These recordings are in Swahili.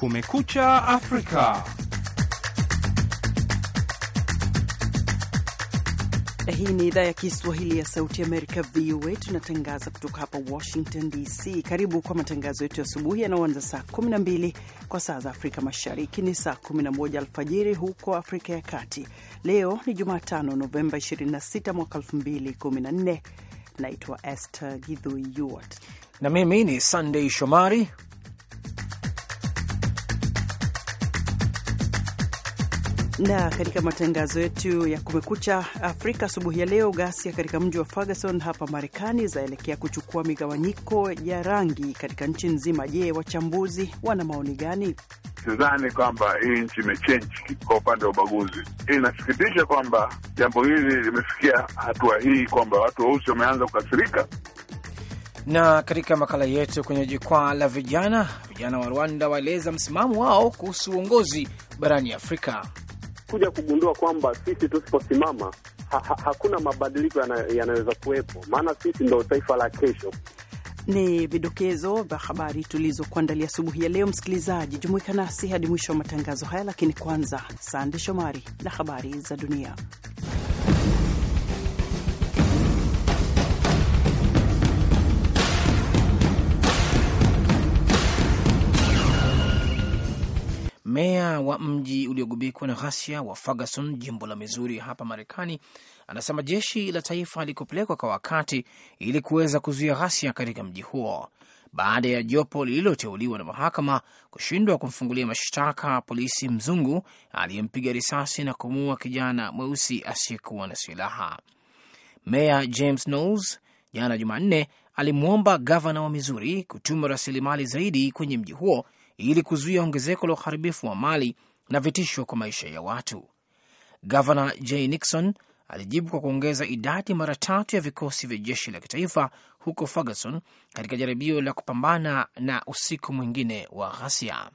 Kumekucha Afrika. Hii ni idhaa ya Kiswahili ya Sauti Amerika, VOA. Tunatangaza kutoka hapa Washington DC. Karibu kwa matangazo yetu ya asubuhi yanaoanza saa 12 kwa saa za Afrika Mashariki, ni saa 11 alfajiri huko Afrika ya Kati. Leo ni Jumatano, Novemba 26 mwaka 2014. Naitwa Esther Gidhu Yuart na mimi ni sandei Shomari na katika matangazo yetu ya Kumekucha Afrika asubuhi ya leo, ghasia katika mji wa Ferguson hapa Marekani zaelekea kuchukua migawanyiko ya rangi katika nchi nzima. Je, wachambuzi wana maoni gani? Sidhani kwamba hii nchi imechenji kwa upande wa ubaguzi. Inasikitisha kwamba jambo hili limefikia hatua hii kwamba watu weusi wameanza kukasirika. Na katika makala yetu kwenye jukwaa la vijana, vijana wa Rwanda waeleza msimamo wao kuhusu uongozi barani Afrika kuja kugundua kwamba sisi tusiposimama ha -ha, hakuna mabadiliko yanayoweza kuwepo, maana sisi ndo taifa la kesho. Ni vidokezo vya habari tulizokuandalia asubuhi ya leo. Msikilizaji, jumuika nasi hadi mwisho wa matangazo haya, lakini kwanza, Sande Shomari na habari za dunia. Meya wa mji uliogubikwa na ghasia wa Ferguson, jimbo la Mizuri hapa Marekani, anasema jeshi la taifa likupelekwa kwa wakati ili kuweza kuzuia ghasia katika mji huo baada ya jopo lililoteuliwa na mahakama kushindwa kumfungulia mashtaka polisi mzungu aliyempiga risasi na kumuua kijana mweusi asiyekuwa na silaha. Meya James Knowles jana Jumanne alimwomba gavana wa Mizuri kutuma rasilimali zaidi kwenye mji huo ili kuzuia ongezeko la uharibifu wa mali na vitisho kwa maisha ya watu. Gavana J Nixon alijibu kwa kuongeza idadi mara tatu ya vikosi vya jeshi la kitaifa huko Ferguson katika jaribio la kupambana na usiku mwingine wa ghasia.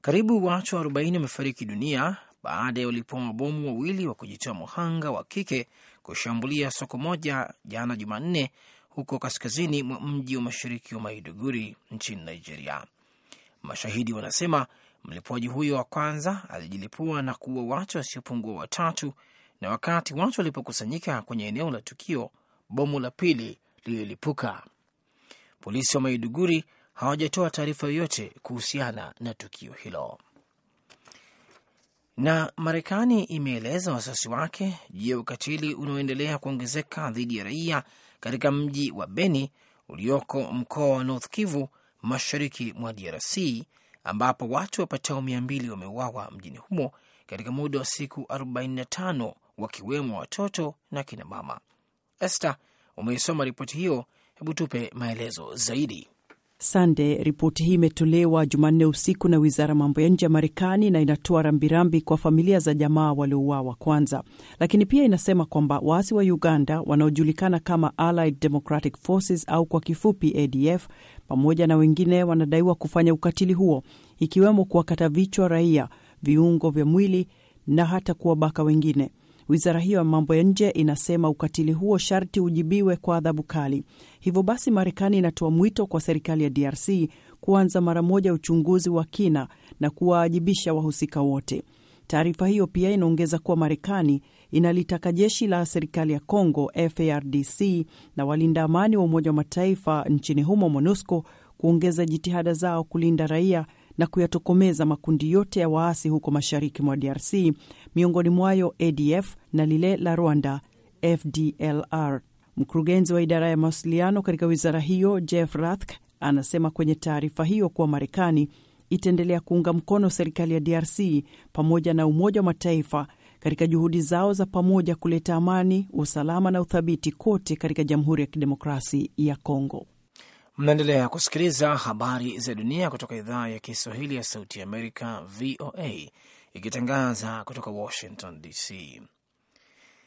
Karibu watu 40 wamefariki dunia baada ya walipoa mabomu wawili wa kujitoa muhanga wa kike kushambulia soko moja jana Jumanne huko kaskazini mwa mji wa mashariki wa Maiduguri nchini Nigeria. Mashahidi wanasema mlipuaji huyo wa kwanza alijilipua na kuua watu wasiopungua watatu, na wakati watu walipokusanyika kwenye eneo la tukio, bomu la pili lililipuka. Polisi wa Maiduguri hawajatoa taarifa yoyote kuhusiana na tukio hilo. Na Marekani imeeleza wasiwasi wake juu ya ukatili unaoendelea kuongezeka dhidi ya raia katika mji wa Beni ulioko mkoa wa North Kivu mashariki mwa DRC ambapo watu wapatao mia mbili wameuawa mjini humo katika muda wa siku 45 wakiwemo watoto na kinamama. Esther, umeisoma ripoti hiyo, hebu tupe maelezo zaidi. Sande. Ripoti hii imetolewa Jumanne usiku na wizara mambo ya nje ya Marekani na inatoa rambirambi kwa familia za jamaa waliouawa kwanza, lakini pia inasema kwamba waasi wa Uganda wanaojulikana kama Allied Democratic Forces au kwa kifupi ADF pamoja na wengine wanadaiwa kufanya ukatili huo, ikiwemo kuwakata vichwa raia, viungo vya mwili na hata kuwabaka wengine. Wizara hiyo ya mambo ya nje inasema ukatili huo sharti ujibiwe kwa adhabu kali. Hivyo basi, Marekani inatoa mwito kwa serikali ya DRC kuanza mara moja uchunguzi wa kina na kuwaajibisha wahusika wote. Taarifa hiyo pia inaongeza kuwa Marekani inalitaka jeshi la serikali ya Congo FARDC na walinda amani wa Umoja wa Mataifa nchini humo MONUSCO kuongeza jitihada zao kulinda raia na kuyatokomeza makundi yote ya waasi huko mashariki mwa DRC, miongoni mwayo ADF na lile la Rwanda FDLR. Mkurugenzi wa idara ya mawasiliano katika wizara hiyo Jeff rathk anasema kwenye taarifa hiyo kuwa Marekani itaendelea kuunga mkono serikali ya DRC pamoja na Umoja wa Mataifa katika juhudi zao za pamoja kuleta amani, usalama na uthabiti kote katika Jamhuri ya Kidemokrasi ya Kongo. Mnaendelea kusikiliza habari za dunia kutoka idhaa ya Kiswahili ya Sauti ya Amerika, VOA, ikitangaza kutoka Washington DC.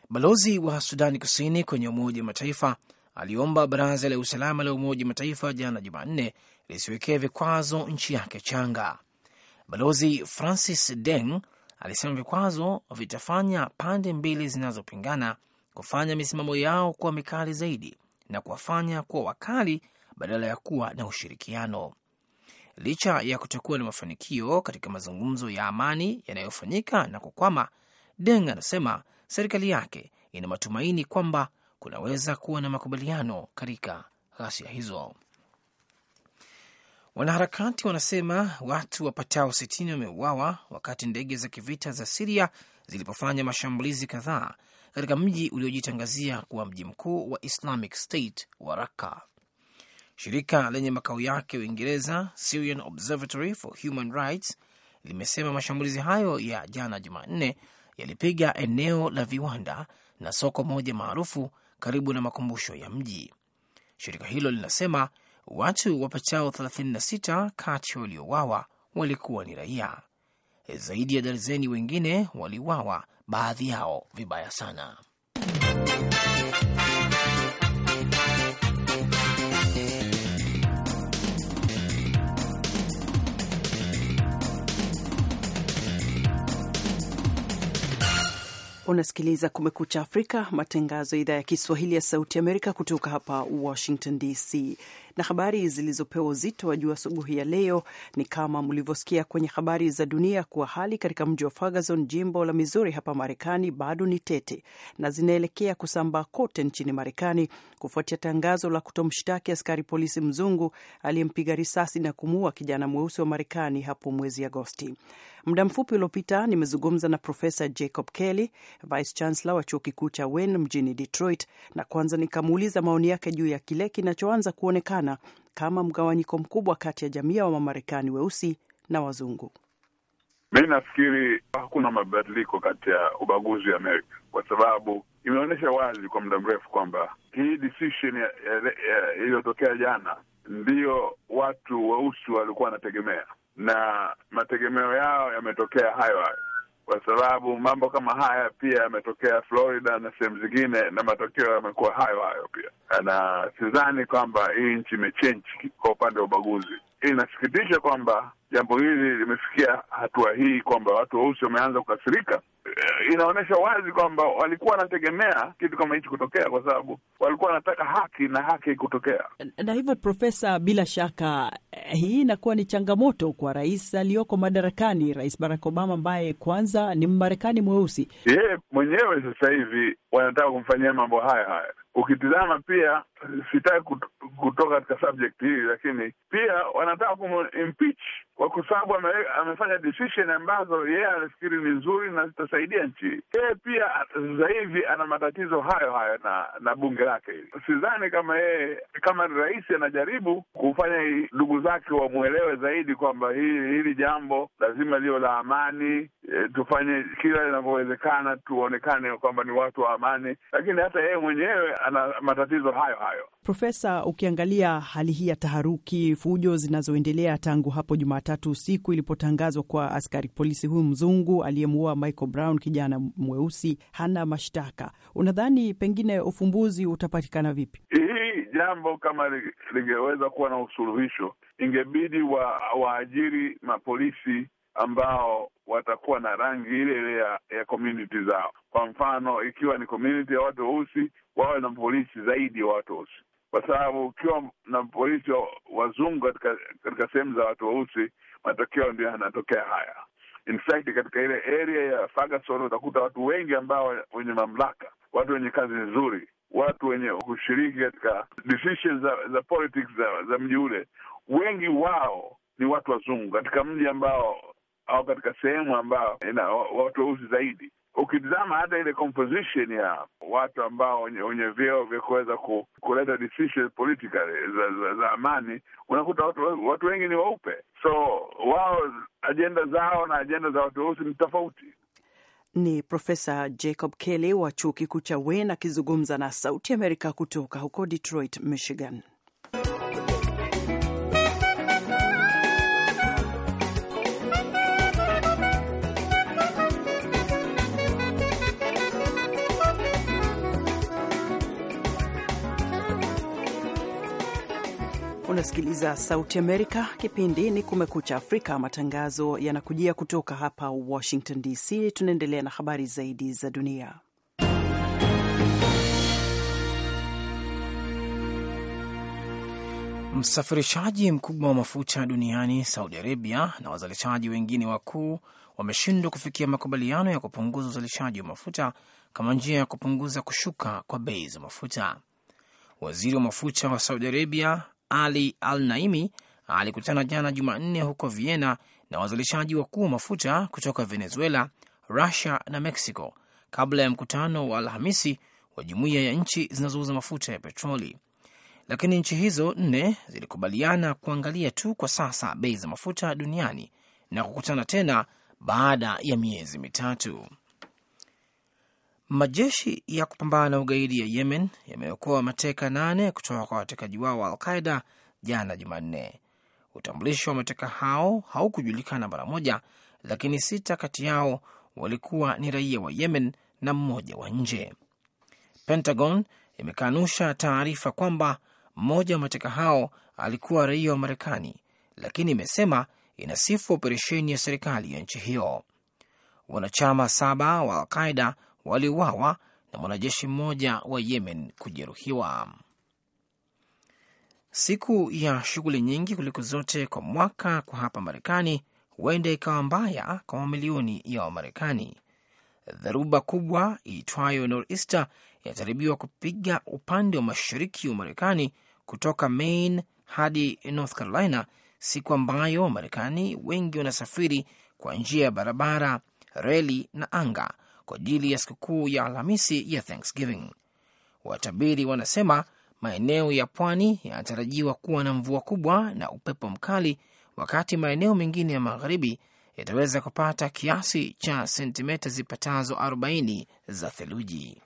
Balozi wa Sudani Kusini kwenye Umoja wa Mataifa aliomba Baraza la Usalama la Umoja wa Mataifa jana Jumanne lisiwekee vikwazo nchi yake changa. Balozi Francis Deng alisema vikwazo vitafanya pande mbili zinazopingana kufanya misimamo yao kuwa mikali zaidi na kuwafanya kuwa wakali badala ya kuwa na ushirikiano. Licha ya kutokuwa na mafanikio katika mazungumzo ya amani yanayofanyika na kukwama, Deng anasema serikali yake ina matumaini kwamba kunaweza kuwa na makubaliano katika ghasia hizo. Wanaharakati wanasema watu wapatao sitini wameuawa wakati ndege za kivita za Siria zilipofanya mashambulizi kadhaa katika mji uliojitangazia kuwa mji mkuu wa Islamic State wa Raka. Shirika lenye makao yake Uingereza, Syrian Observatory for Human Rights, limesema mashambulizi hayo ya jana Jumanne yalipiga eneo la viwanda na soko moja maarufu karibu na makumbusho ya mji. Shirika hilo linasema watu wapatao 36 kati waliowawa walikuwa ni raia. Zaidi ya darzeni wengine waliwawa baadhi yao vibaya sana. Unasikiliza Kumekucha Afrika, matangazo ya idhaa ya Kiswahili ya Sauti Amerika kutoka hapa Washington DC. Na habari zilizopewa uzito wa juu asubuhi ya leo ni kama mlivyosikia kwenye habari za dunia, kuwa hali katika mji wa Ferguson, jimbo la Missouri hapa Marekani, bado ni tete na zinaelekea kusambaa kote nchini Marekani kufuatia tangazo la kutomshtaki askari polisi mzungu aliyempiga risasi na kumuua kijana mweusi wa Marekani hapo mwezi Agosti. Muda mfupi uliopita nimezungumza na Profesa Jacob Kelly, Vice Chancellor wa chuo kikuu cha Wayne mjini Detroit, na kwanza nikamuuliza maoni yake juu ya kile kinachoanza kuonekana kama mgawanyiko mkubwa kati ya jamii ya Wamarekani weusi na wazungu. Mi nafikiri hakuna mabadiliko kati ya ubaguzi wa Amerika kwa sababu imeonyesha wazi kwa muda mrefu kwamba hii decision iliyotokea jana ndiyo watu weusi walikuwa wanategemea na mategemeo yao yametokea hayo hayo, kwa sababu mambo kama haya pia yametokea Florida na sehemu zingine, na matokeo yamekuwa hayo hayo pia, na sidhani kwamba hii nchi imechenji kwa upande wa ubaguzi. Inasikitisha kwamba jambo hili limefikia hatua hii kwamba watu weusi wameanza kukasirika Eh, inaonyesha wazi kwamba walikuwa wanategemea kitu kama hichi kutokea, kwa sababu walikuwa wanataka haki na haki kutokea Na hivyo, Profesa, bila shaka eh, hii inakuwa ni changamoto kwa rais aliyoko madarakani, Rais Barack Obama ambaye kwanza ni Mmarekani mweusi. Yeye mwenyewe sasa hivi wanataka kumfanyia mambo haya haya. Ukitizama pia, sitaki kutoka katika subject hii, lakini pia wanataka kumimpeach kwa sababu amefanya decision ambazo yeye anafikiri ni nzuri na zitasaidia nchi. Yeye pia sasa hivi ana matatizo hayo hayo na na bunge lake hili. Sidhani kama yeye kama rahisi rais anajaribu kufanya ndugu zake wamwelewe zaidi kwamba hili, hili jambo lazima liwe la amani. E, tufanye kila linavyowezekana tuonekane kwamba ni watu wa amani, lakini hata yeye mwenyewe ana matatizo hayo hayo. Profesa, ukiangalia hali hii ya taharuki, fujo zinazoendelea tangu hapo Jumatatu Jumatatu usiku ilipotangazwa kwa askari polisi huyu mzungu aliyemuua Michael Brown, kijana mweusi, hana mashtaka. Unadhani pengine ufumbuzi utapatikana vipi? Hii jambo kama lingeweza kuwa na usuluhisho, ingebidi wa waajiri mapolisi ambao watakuwa na rangi ile ile ya, ya community zao. Kwa mfano, ikiwa ni community ya watu weusi, wawe na polisi zaidi ya watu weusi kwa sababu ukiwa na polisi wazungu katika katika sehemu za watu weusi, matokeo ndio yanatokea haya. In fact, katika ile area ya Ferguson utakuta watu wengi ambao wenye mamlaka, watu wenye kazi nzuri, watu wenye kushiriki katika decisions za, za politics za, za mji ule, wengi wao ni watu wazungu katika mji ambao au katika sehemu ambao ina watu weusi zaidi ukitizama hata ile composition ya watu ambao wenye vyeo vya kuweza ku, kuleta decision politically za, za, za amani, unakuta watu, watu wengi ni weupe, so wao ajenda zao na ajenda za watu weusi ni tofauti. Ni Profesa Jacob Kelly wa chuo kikuu cha Wayne akizungumza na Sauti Amerika kutoka huko Detroit, Michigan. Unasikiliza Sauti Amerika, kipindi ni Kumekucha Afrika. Matangazo yanakujia kutoka hapa Washington DC. Tunaendelea na habari zaidi za dunia. Msafirishaji mkubwa wa mafuta duniani Saudi Arabia na wazalishaji wengine wakuu wameshindwa kufikia makubaliano ya kupunguza uzalishaji wa mafuta kama njia ya kupunguza kushuka kwa bei za mafuta. Waziri wa mafuta wa Saudi Arabia ali Al Naimi alikutana jana Jumanne huko Vienna na wazalishaji wakuu wa mafuta kutoka Venezuela, Rusia na Mexico kabla ya mkutano wa Alhamisi wa jumuiya ya nchi zinazouza mafuta ya petroli. Lakini nchi hizo nne zilikubaliana kuangalia tu kwa sasa bei za mafuta duniani na kukutana tena baada ya miezi mitatu. Majeshi ya kupambana na ugaidi ya Yemen yameokoa mateka nane kutoka kwa watekaji wao wa Alqaida jana Jumanne. Utambulisho wa mateka hao haukujulikana mara moja, lakini sita kati yao walikuwa ni raia wa Yemen na mmoja wa nje. Pentagon imekanusha taarifa kwamba mmoja wa mateka hao alikuwa raia wa Marekani, lakini imesema inasifu operesheni ya serikali ya nchi hiyo. Wanachama saba wa Alqaida waliuawa na mwanajeshi mmoja wa Yemen kujeruhiwa. Siku ya shughuli nyingi kuliko zote kwa mwaka kwa hapa Marekani huenda ikawa mbaya kwa mamilioni ya Wamarekani. Dharuba kubwa iitwayo Nor'easter inataribiwa kupiga upande wa mashariki wa Marekani kutoka Maine hadi North Carolina, siku ambayo Wamarekani wengi wanasafiri kwa njia ya barabara, reli na anga kwa ajili ya sikukuu ya Alhamisi ya Thanksgiving. Watabiri wanasema maeneo ya pwani yanatarajiwa kuwa na mvua kubwa na upepo mkali, wakati maeneo mengine ya magharibi yataweza kupata kiasi cha sentimeta zipatazo 40 za theluji.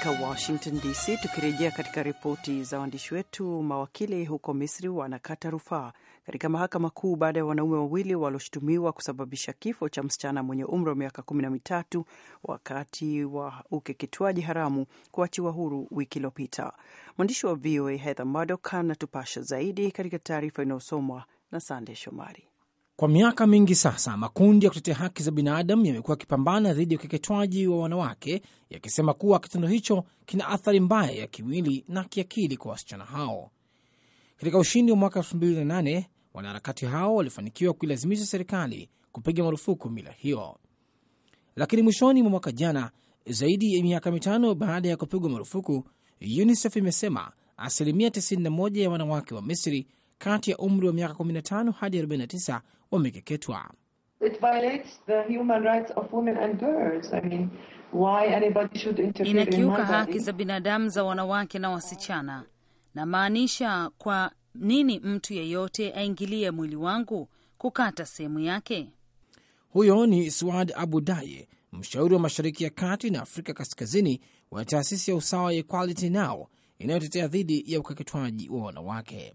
kutoka Washington DC. Tukirejea katika ripoti za waandishi wetu, mawakili huko Misri wanakata rufaa katika mahakama kuu baada ya wanaume wawili walioshutumiwa kusababisha kifo cha msichana mwenye umri wa miaka kumi na mitatu wakati wa ukeketwaji haramu kuachiwa huru wiki iliyopita. Mwandishi wa VOA Heather anatupasha zaidi katika taarifa inayosomwa na Sande Shomari. Kwa miaka mingi sasa makundi ya kutetea haki za binadamu yamekuwa yakipambana dhidi ya ukeketwaji wa wanawake, yakisema kuwa kitendo hicho kina athari mbaya ya kimwili na kiakili kwa wasichana hao. Katika ushindi wa mwaka 2008 wanaharakati hao walifanikiwa kuilazimisha serikali kupiga marufuku mila hiyo, lakini mwishoni mwa mwaka jana, zaidi ya miaka mitano baada ya kupigwa marufuku, UNICEF imesema asilimia 91 ya wanawake wa Misri kati ya umri wa miaka 15 hadi wamekeketwa. inakiuka haki za binadamu za wanawake na wasichana. Namaanisha, kwa nini mtu yeyote aingilie mwili wangu kukata sehemu yake? Huyo ni Suad Abu Daye, mshauri wa Mashariki ya Kati na Afrika Kaskazini wa taasisi ya usawa ya Equality Now inayotetea dhidi ya ukeketwaji wa wanawake.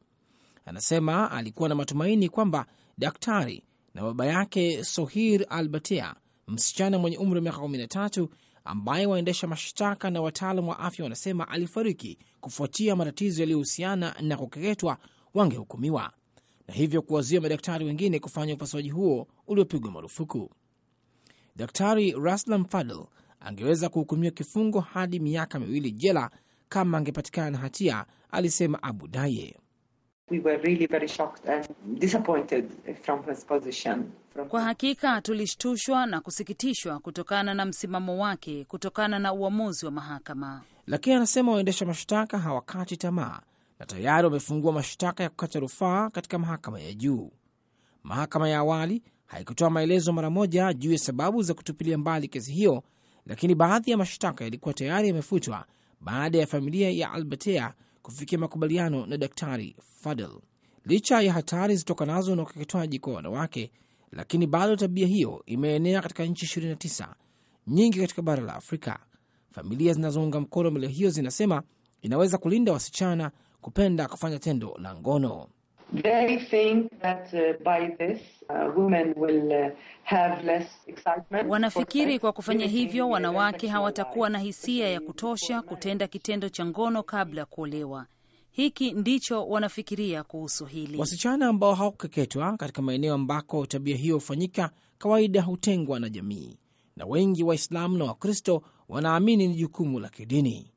Anasema alikuwa na matumaini kwamba daktari na baba yake Sohir Albatea, msichana mwenye umri wa miaka 13 ambaye waendesha mashtaka na wataalam wa afya wanasema alifariki kufuatia matatizo yaliyohusiana na kukeketwa, wangehukumiwa na hivyo kuwazuia madaktari wengine kufanya upasuaji huo uliopigwa marufuku. Daktari Raslam Fadl angeweza kuhukumiwa kifungo hadi miaka miwili jela kama angepatikana na hatia, alisema Abu Daye. We were really very shocked and disappointed from his position. Kwa hakika tulishtushwa na kusikitishwa kutokana na msimamo wake kutokana na uamuzi wa mahakama. Lakini anasema waendesha mashtaka hawakati tamaa na tayari wamefungua mashtaka ya kukata rufaa katika mahakama ya juu. Mahakama ya awali haikutoa maelezo mara moja juu ya sababu za kutupilia mbali kesi hiyo, lakini baadhi ya mashtaka yalikuwa tayari yamefutwa baada ya familia ya Albertea kufikia makubaliano na Daktari Fadel. Licha ya hatari zitokanazo na ukeketwaji kwa wanawake, lakini bado tabia hiyo imeenea katika nchi 29 nyingi katika bara la Afrika. Familia zinazounga mkono mila hiyo zinasema inaweza kulinda wasichana kupenda kufanya tendo la ngono. They think that uh, by this, uh, women will uh, have less excitement. Wanafikiri kwa kufanya hivyo uh, wanawake hawatakuwa na hisia ya kutosha kutenda kitendo cha ngono kabla ya kuolewa. Hiki ndicho wanafikiria kuhusu hili. Wasichana ambao hawakukeketwa katika maeneo ambako tabia hiyo hufanyika kawaida hutengwa na jamii, na wengi Waislamu na Wakristo wanaamini ni jukumu la kidini.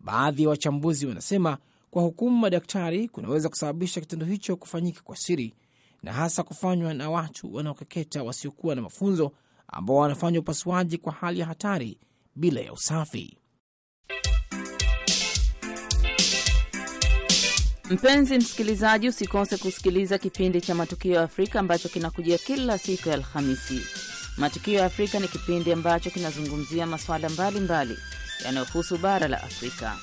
Baadhi ya wachambuzi wanasema kwa hukumu madaktari kunaweza kusababisha kitendo hicho kufanyika kwa siri na hasa kufanywa na watu wanaokeketa wasiokuwa na mafunzo ambao wanafanya upasuaji kwa hali ya hatari bila ya usafi. Mpenzi msikilizaji, usikose kusikiliza kipindi cha Matukio ya Afrika ambacho kinakujia kila siku ya Alhamisi. Matukio ya Afrika ni kipindi ambacho kinazungumzia masuala mbalimbali yanayohusu bara la Afrika.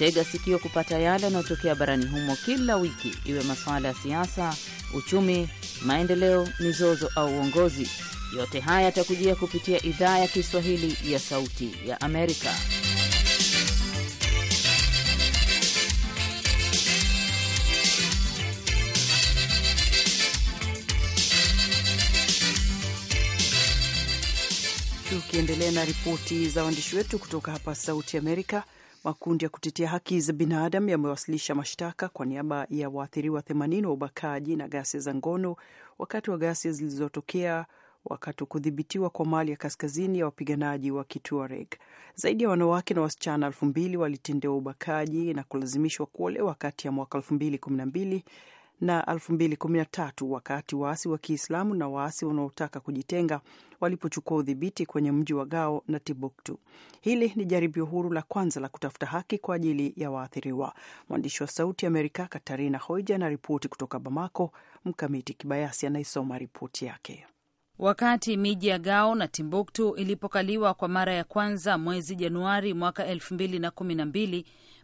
Tega sikio kupata yale yanayotokea barani humo kila wiki, iwe masuala ya siasa, uchumi, maendeleo, mizozo au uongozi. Yote haya yatakujia kupitia idhaa ya Kiswahili ya Sauti ya Amerika. Tukiendelea na ripoti za waandishi wetu kutoka hapa Sauti Amerika. Makundi ya kutetea haki za binadamu yamewasilisha mashtaka kwa niaba ya waathiriwa 80 wa ubakaji na ghasia za ngono wakati wa ghasia zilizotokea wakati wa kudhibitiwa kwa Mali ya kaskazini ya wapiganaji wa Kituareg. Zaidi ya wanawake na wasichana elfu mbili walitendewa ubakaji na kulazimishwa kuolewa kati ya mwaka elfu mbili kumi na mbili na 2013 wakati waasi wa Kiislamu na waasi wanaotaka kujitenga walipochukua udhibiti kwenye mji wa Gao na Timbuktu. Hili ni jaribio huru la kwanza la kutafuta haki kwa ajili ya waathiriwa. Mwandishi wa Sauti Amerika Katarina Hoija anaripoti kutoka Bamako. Mkamiti Kibayasi anaisoma ripoti yake. Wakati miji ya Gao na Timbuktu ilipokaliwa kwa mara ya kwanza mwezi Januari mwaka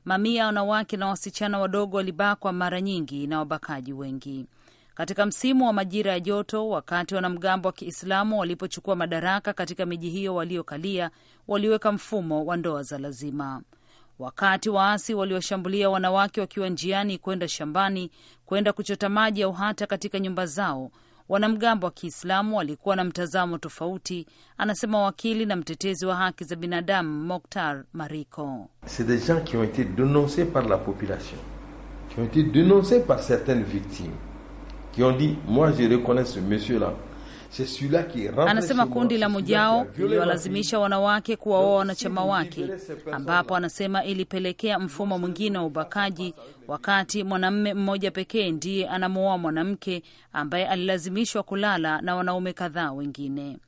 Mamia ya wanawake na wasichana wadogo walibakwa mara nyingi na wabakaji wengi. Katika msimu wa majira ya joto, wakati wanamgambo wa Kiislamu walipochukua madaraka katika miji hiyo waliokalia, waliweka mfumo wa ndoa za lazima. Wakati waasi waliwashambulia wanawake wakiwa njiani kwenda shambani, kwenda kuchota maji au hata katika nyumba zao, Wanamgambo wa Kiislamu walikuwa na mtazamo tofauti, anasema wakili na mtetezi wa haki za binadamu Moktar Mariko. C'est des gens qui ont été dénoncés par la population, qui ont été dénoncés par certaines victimes, qui ont dit moi je reconnais ce monsieur la Anasema kundi la Mojao liliwalazimisha wanawake kuwaoa wanachama wake, ambapo anasema ilipelekea mfumo mwingine wa ubakaji, wakati mwanamme mmoja pekee ndiye anamwoa mwanamke ambaye alilazimishwa kulala na wanaume kadhaa wengine.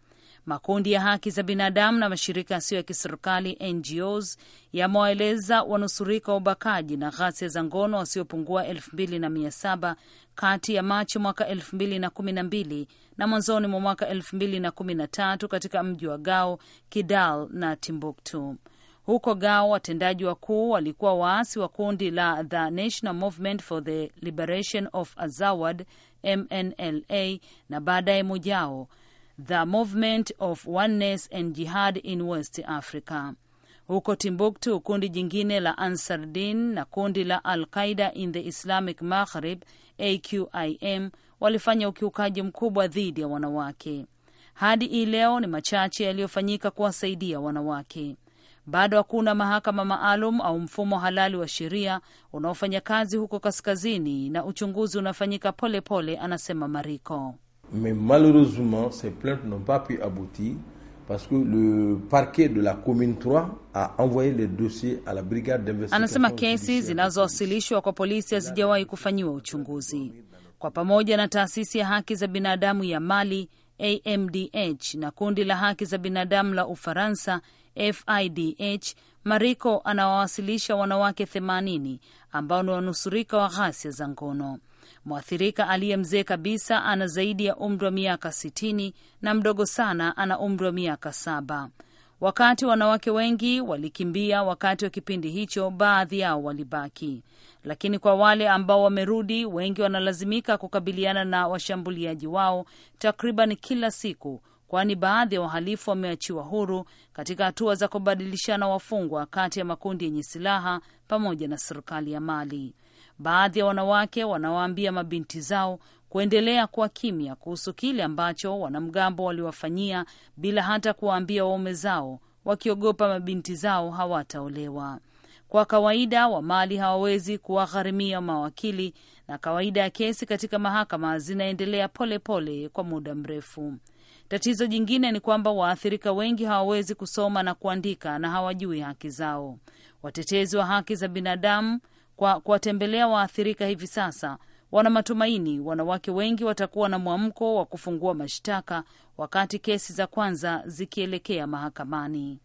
Makundi ya haki za binadamu na mashirika yasiyo ya kiserikali NGOs yamewaeleza wanusurika wa ubakaji na ghasia za ngono wasiopungua elfu mbili na mia saba kati ya Machi mwaka mbili na mbili na mwanzoni mwa mwaka na kumi tatu katika mji wa Gao, Kidal na Timbuktu. Huko Gao, watendaji wakuu walikuwa waasi wa kundi la The National Movement for the Liberation of Azawad, MNLA, na baadaye Mujao, The Movement of Oneness and Jihad in West Africa. Huko Timbuktu, kundi jingine la Ansardin na kundi la Al Qaida in the Islamic Maghrib AQIM walifanya ukiukaji mkubwa dhidi ya wanawake. Hadi hii leo ni machache yaliyofanyika kuwasaidia wanawake. Bado hakuna mahakama maalum au mfumo halali wa sheria unaofanya kazi huko kaskazini, na uchunguzi unafanyika polepole pole, anasema Mariko. Mais malheureusement ces plaintes n'ont pas pu aboutir parce que le parquet de la commune 3 a envoyé le dossier à la brigade d'investigation. Anasema kesi zinazowasilishwa kwa polisi hazijawahi kufanyiwa uchunguzi. Kwa pamoja na taasisi ya haki za binadamu ya Mali AMDH na kundi la haki za binadamu la Ufaransa FIDH, Mariko anawawasilisha wanawake 80 ambao ni wanusurika wa ghasia za ngono. Mwathirika aliye mzee kabisa ana zaidi ya umri wa miaka sitini na mdogo sana ana umri wa miaka saba. Wakati wanawake wengi walikimbia wakati wa kipindi hicho, baadhi yao walibaki, lakini kwa wale ambao wamerudi, wengi wanalazimika kukabiliana na washambuliaji wao takriban kila siku, kwani baadhi ya wahalifu wameachiwa huru katika hatua za kubadilishana wafungwa kati ya makundi yenye silaha pamoja na serikali ya Mali. Baadhi ya wanawake wanawaambia mabinti zao kuendelea kuwa kimya kuhusu kile ambacho wanamgambo waliwafanyia bila hata kuwaambia waume zao, wakiogopa mabinti zao hawataolewa. Kwa kawaida wa mali hawawezi kuwagharimia mawakili, na kawaida ya kesi katika mahakama zinaendelea polepole pole kwa muda mrefu. Tatizo jingine ni kwamba waathirika wengi hawawezi kusoma na kuandika na hawajui haki zao. Watetezi wa haki za binadamu kwa kuwatembelea waathirika hivi sasa, wana matumaini wanawake wengi watakuwa na mwamko wa kufungua mashtaka wakati kesi za kwanza zikielekea mahakamani.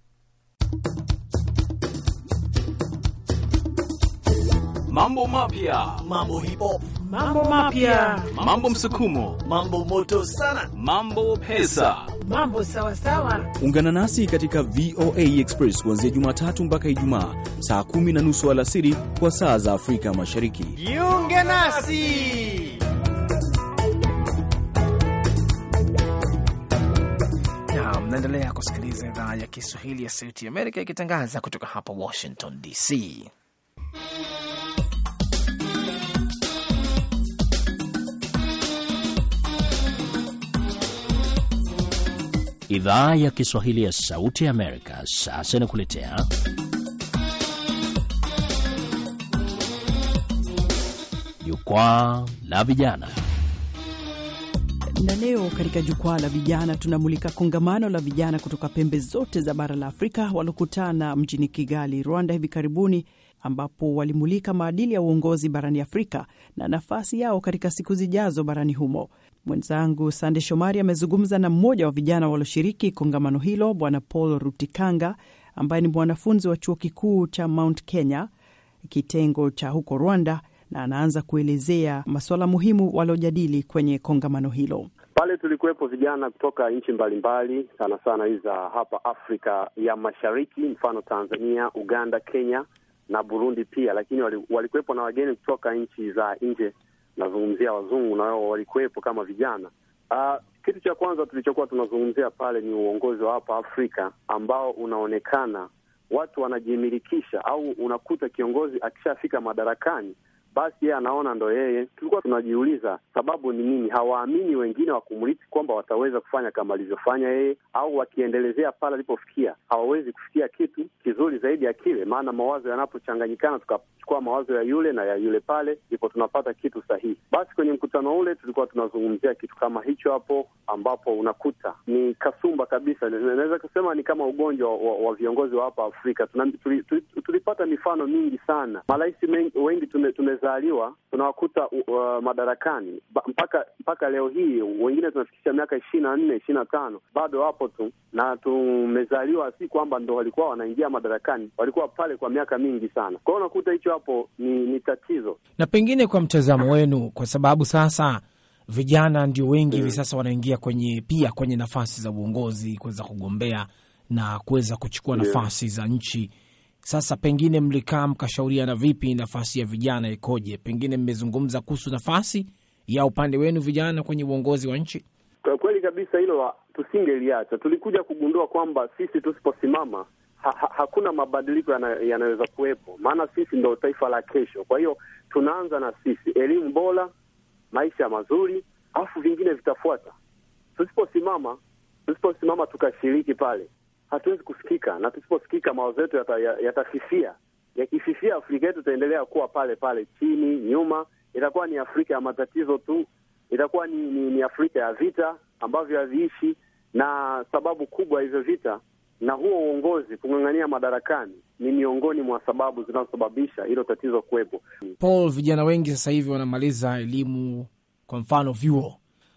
mambo mapya, mambo hip hop, mambo mapya, mambo msukumo, mambo moto sana, mambo pesa, mambo sawa sawa. Ungana nasi katika VOA Express kuanzia Jumatatu mpaka Ijumaa saa kumi na nusu alasiri kwa saa za Afrika Mashariki. Jiunge nasi. Naendelea kusikiliza idhaa ya Kiswahili ya Sauti ya Amerika ikitangaza kutoka hapa Washington DC. Idhaa ya Kiswahili ya Sauti ya Amerika sasa inakuletea Jukwaa la Vijana. Na leo katika Jukwaa la Vijana tunamulika kongamano la vijana kutoka pembe zote za bara la Afrika waliokutana mjini Kigali, Rwanda hivi karibuni ambapo walimulika maadili ya uongozi barani Afrika na nafasi yao katika siku zijazo barani humo. Mwenzangu Sande Shomari amezungumza na mmoja wa vijana walioshiriki kongamano hilo, Bwana Paul Rutikanga ambaye ni mwanafunzi wa chuo kikuu cha Mount Kenya kitengo cha huko Rwanda, na anaanza kuelezea masuala muhimu waliojadili kwenye kongamano hilo. Pale tulikuwepo vijana kutoka nchi mbalimbali, sana sana hizi za hapa Afrika ya Mashariki, mfano Tanzania, Uganda, Kenya na Burundi pia, lakini walikuwepo na wageni kutoka nchi za nje nazungumzia wazungu na wao walikuwepo kama vijana. Uh, kitu cha kwanza tulichokuwa tunazungumzia pale ni uongozi wa hapa Afrika ambao unaonekana watu wanajimilikisha, au unakuta kiongozi akishafika madarakani basi yeye anaona ndo yeye. Tulikuwa tunajiuliza sababu ni nini, hawaamini wengine wa kumrithi kwamba wataweza kufanya kama alivyofanya yeye, au wakiendelezea pale alipofikia hawawezi kufikia kitu kizuri zaidi ya kile. Maana mawazo yanapochanganyikana, tukachukua mawazo ya yule na ya yule pale, ndipo tunapata kitu sahihi. Basi kwenye mkutano ule tulikuwa tunazungumzia kitu kama hicho hapo, ambapo unakuta ni kasumba kabisa, naweza kusema ni kama ugonjwa wa, wa viongozi wa hapa Afrika. Tuna, tulipata mifano mingi sana, marais wengi tume, tume wamezaliwa tunawakuta uh, madarakani ba, mpaka mpaka leo hii wengine tunafikisha miaka ishirini na nne ishirini na tano bado wapo tu, na tumezaliwa, si kwamba ndo walikuwa wanaingia madarakani, walikuwa pale kwa miaka mingi sana. Kwa hiyo unakuta hicho hapo ni, ni tatizo. Na pengine kwa mtazamo wenu, kwa sababu sasa vijana ndio wengi hivi mm. sasa wanaingia kwenye pia kwenye nafasi za uongozi kuweza kugombea na kuweza kuchukua nafasi za nchi sasa pengine mlikaa mkashauriana vipi, nafasi ya vijana ikoje? Pengine mmezungumza kuhusu nafasi ya upande wenu vijana kwenye uongozi wa nchi? Kwa kweli kabisa hilo tusingeliacha. Tulikuja kugundua kwamba sisi tusiposimama ha ha hakuna mabadiliko yanayoweza kuwepo, maana sisi ndo taifa la kesho. Kwa hiyo tunaanza na sisi, elimu bora, maisha mazuri, alafu vingine vitafuata. Tusiposimama, tusiposimama tukashiriki pale hatuwezi kusikika, na tusiposikika mawazo yetu yatafifia. Yata yakififia, Afrika yetu itaendelea kuwa pale pale chini nyuma, itakuwa ni Afrika ya matatizo tu, itakuwa ni, ni, ni Afrika ya vita ambavyo haviishi, na sababu kubwa hivyo vita na huo uongozi kung'ang'ania madarakani ni miongoni mwa sababu zinazosababisha hilo tatizo kuwepo. Paul, vijana wengi sasa hivi wanamaliza elimu, kwa mfano vyuo,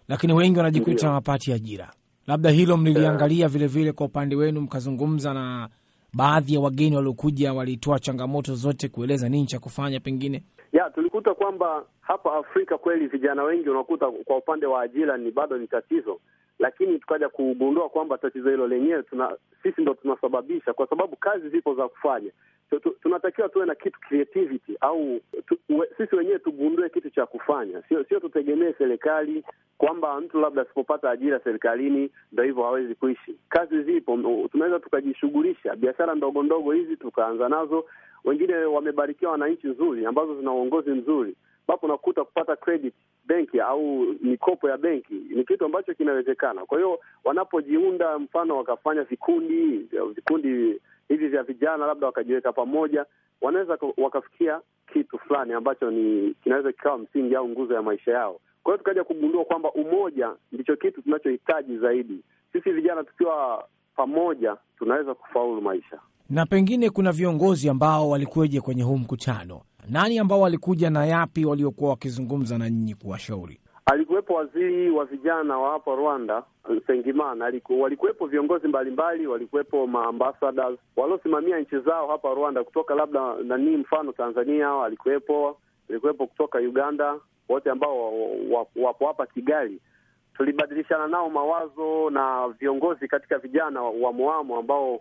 lakini wengi wanajikuta hawapati ajira labda hilo mliliangalia vilevile kwa upande wenu mkazungumza na baadhi ya wageni waliokuja, walitoa changamoto zote kueleza nini cha kufanya pengine ya tulikuta kwamba hapa Afrika kweli vijana wengi unakuta kwa upande wa ajira ni bado ni tatizo, lakini tukaja kugundua kwamba tatizo hilo lenyewe tuna sisi ndo tunasababisha, kwa sababu kazi zipo za kufanya. So, tu, tunatakiwa tuwe na kitu creativity au tu, we, sisi wenyewe tugundue kitu cha kufanya, sio sio tutegemee serikali kwamba mtu labda asipopata ajira serikalini ndo hivyo hawezi kuishi. Kazi zipo, tunaweza tukajishughulisha, biashara ndogo ndogo hizi tukaanza nazo. Wengine wamebarikiwa na nchi nzuri ambazo zina uongozi mzuri ambapo unakuta kupata credit benki au mikopo ya benki ni kitu ambacho kinawezekana. Kwa hiyo wanapojiunda, mfano wakafanya vikundi vikundi hivi vya vijana, labda wakajiweka pamoja, wanaweza wakafikia kitu fulani ambacho ni kinaweza kikawa msingi au nguzo ya maisha yao. Kwa hiyo tukaja kugundua kwamba umoja ndicho kitu tunachohitaji zaidi. Sisi vijana tukiwa pamoja, tunaweza kufaulu maisha. Na pengine kuna viongozi ambao walikuweje kwenye huu mkutano nani ambao walikuja na yapi waliokuwa wakizungumza na nyinyi kuwashauri? Alikuwepo waziri wa vijana wa hapa Rwanda Sengimana, aliku, walikuwepo viongozi mbalimbali, walikuwepo maambasada waliosimamia nchi zao hapa Rwanda, kutoka labda nanii, mfano Tanzania walikuwepo, walikuwepo kutoka Uganda, wote ambao wapo hapa Kigali. Tulibadilishana nao mawazo na viongozi katika vijana wa Moamo ambao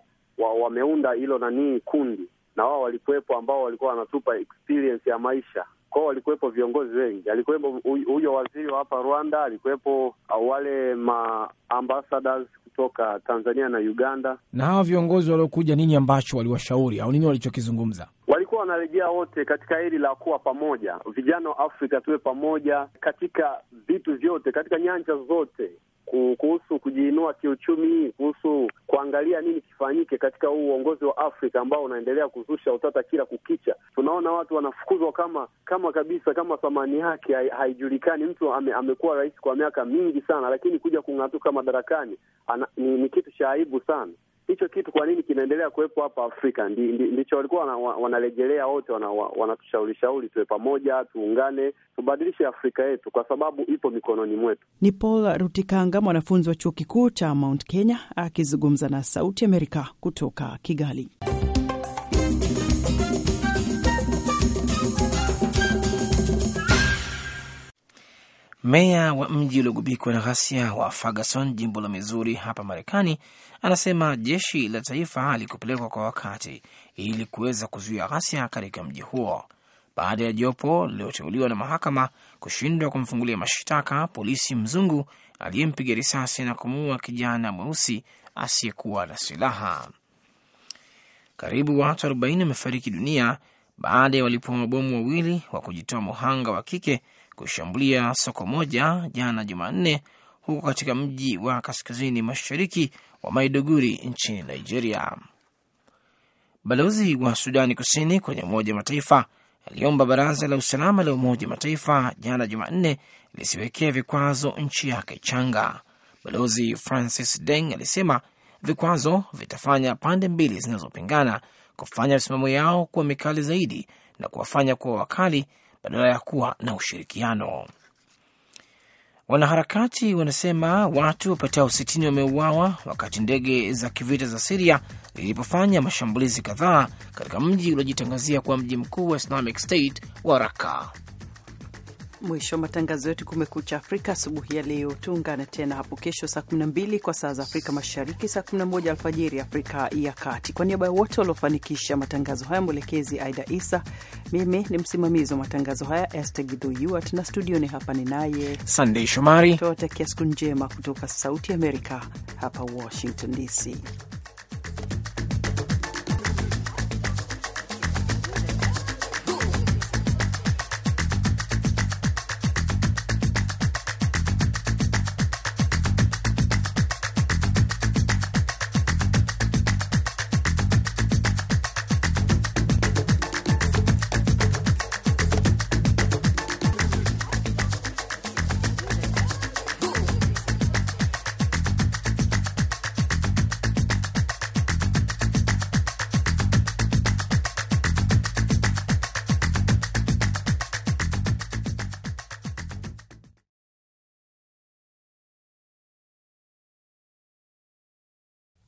wameunda wa hilo nanii kundi na wao walikuwepo ambao walikuwa wanatupa experience ya maisha kwao. Walikuwepo viongozi wengi, alikuwepo huyo waziri wa hapa Rwanda, alikuwepo wale ma ambassadors kutoka Tanzania na Uganda. Na hawa viongozi waliokuja, nini ambacho waliwashauri au nini walichokizungumza? Walikuwa wanarejea wote katika hili la kuwa pamoja, vijana wa Afrika tuwe pamoja katika vitu vyote, katika nyanja zote, kuhusu kujiinua kiuchumi, kuhusu kuangalia nini kifanyike katika huu uongozi wa Afrika ambao unaendelea kuzusha utata kila kukicha. Tunaona watu wanafukuzwa kama kama kabisa kama thamani yake haijulikani. Mtu ame, amekuwa rais kwa miaka mingi sana, lakini kuja kung'atuka madarakani ana, ni, ni kitu cha aibu sana hicho kitu kwa nini kinaendelea kuwepo hapa Afrika? Ndi, ndi, ndicho walikuwa wana, wanarejelea wote wanatushauri wana tuwe pamoja, tuungane, tubadilishe Afrika yetu kwa sababu ipo mikononi mwetu. Ni Paul Rutikanga, mwanafunzi wa chuo kikuu cha Mount Kenya akizungumza na Sauti Amerika kutoka Kigali. Meya wa mji uliogubikwa na ghasia wa Ferguson, jimbo la Mizuri hapa Marekani, anasema jeshi la taifa likupelekwa kwa wakati ili kuweza kuzuia ghasia katika mji huo baada ya jopo lililoteuliwa na mahakama kushindwa kumfungulia mashtaka polisi mzungu aliyempiga risasi na kumuua kijana mweusi asiyekuwa na silaha. Karibu watu 40 wamefariki dunia baada ya walipoa mabomu wawili wa kujitoa muhanga wa kike kushambulia soko moja jana Jumanne huko katika mji wa kaskazini mashariki wa Maiduguri nchini Nigeria. Balozi wa Sudani Kusini kwenye Umoja wa Mataifa aliomba Baraza la Usalama la Umoja wa Mataifa jana Jumanne lisiwekea vikwazo nchi yake changa. Balozi Francis Deng alisema vikwazo vitafanya pande mbili zinazopingana kufanya misimamo yao kuwa mikali zaidi na kuwafanya kuwa wakali badala ya kuwa na ushirikiano. Wanaharakati wanasema watu wapatao sitini wameuawa wakati ndege za kivita za Siria lilipofanya mashambulizi kadhaa katika mji uliojitangazia kuwa mji mkuu wa Islamic State wa Raka mwisho wa matangazo yetu Kumekucha Afrika asubuhi ya leo. Tuungane tena hapo kesho saa 12 kwa saa za Afrika Mashariki, saa 11 alfajiri Afrika ya Kati. Kwa niaba ya wote waliofanikisha matangazo haya, mwelekezi Aida Isa, mimi ni msimamizi wa matangazo haya Estegidhyuat, na studioni hapa ni naye Sandei Shomari. Tunawatakia siku njema kutoka Sauti Amerika hapa Washington DC.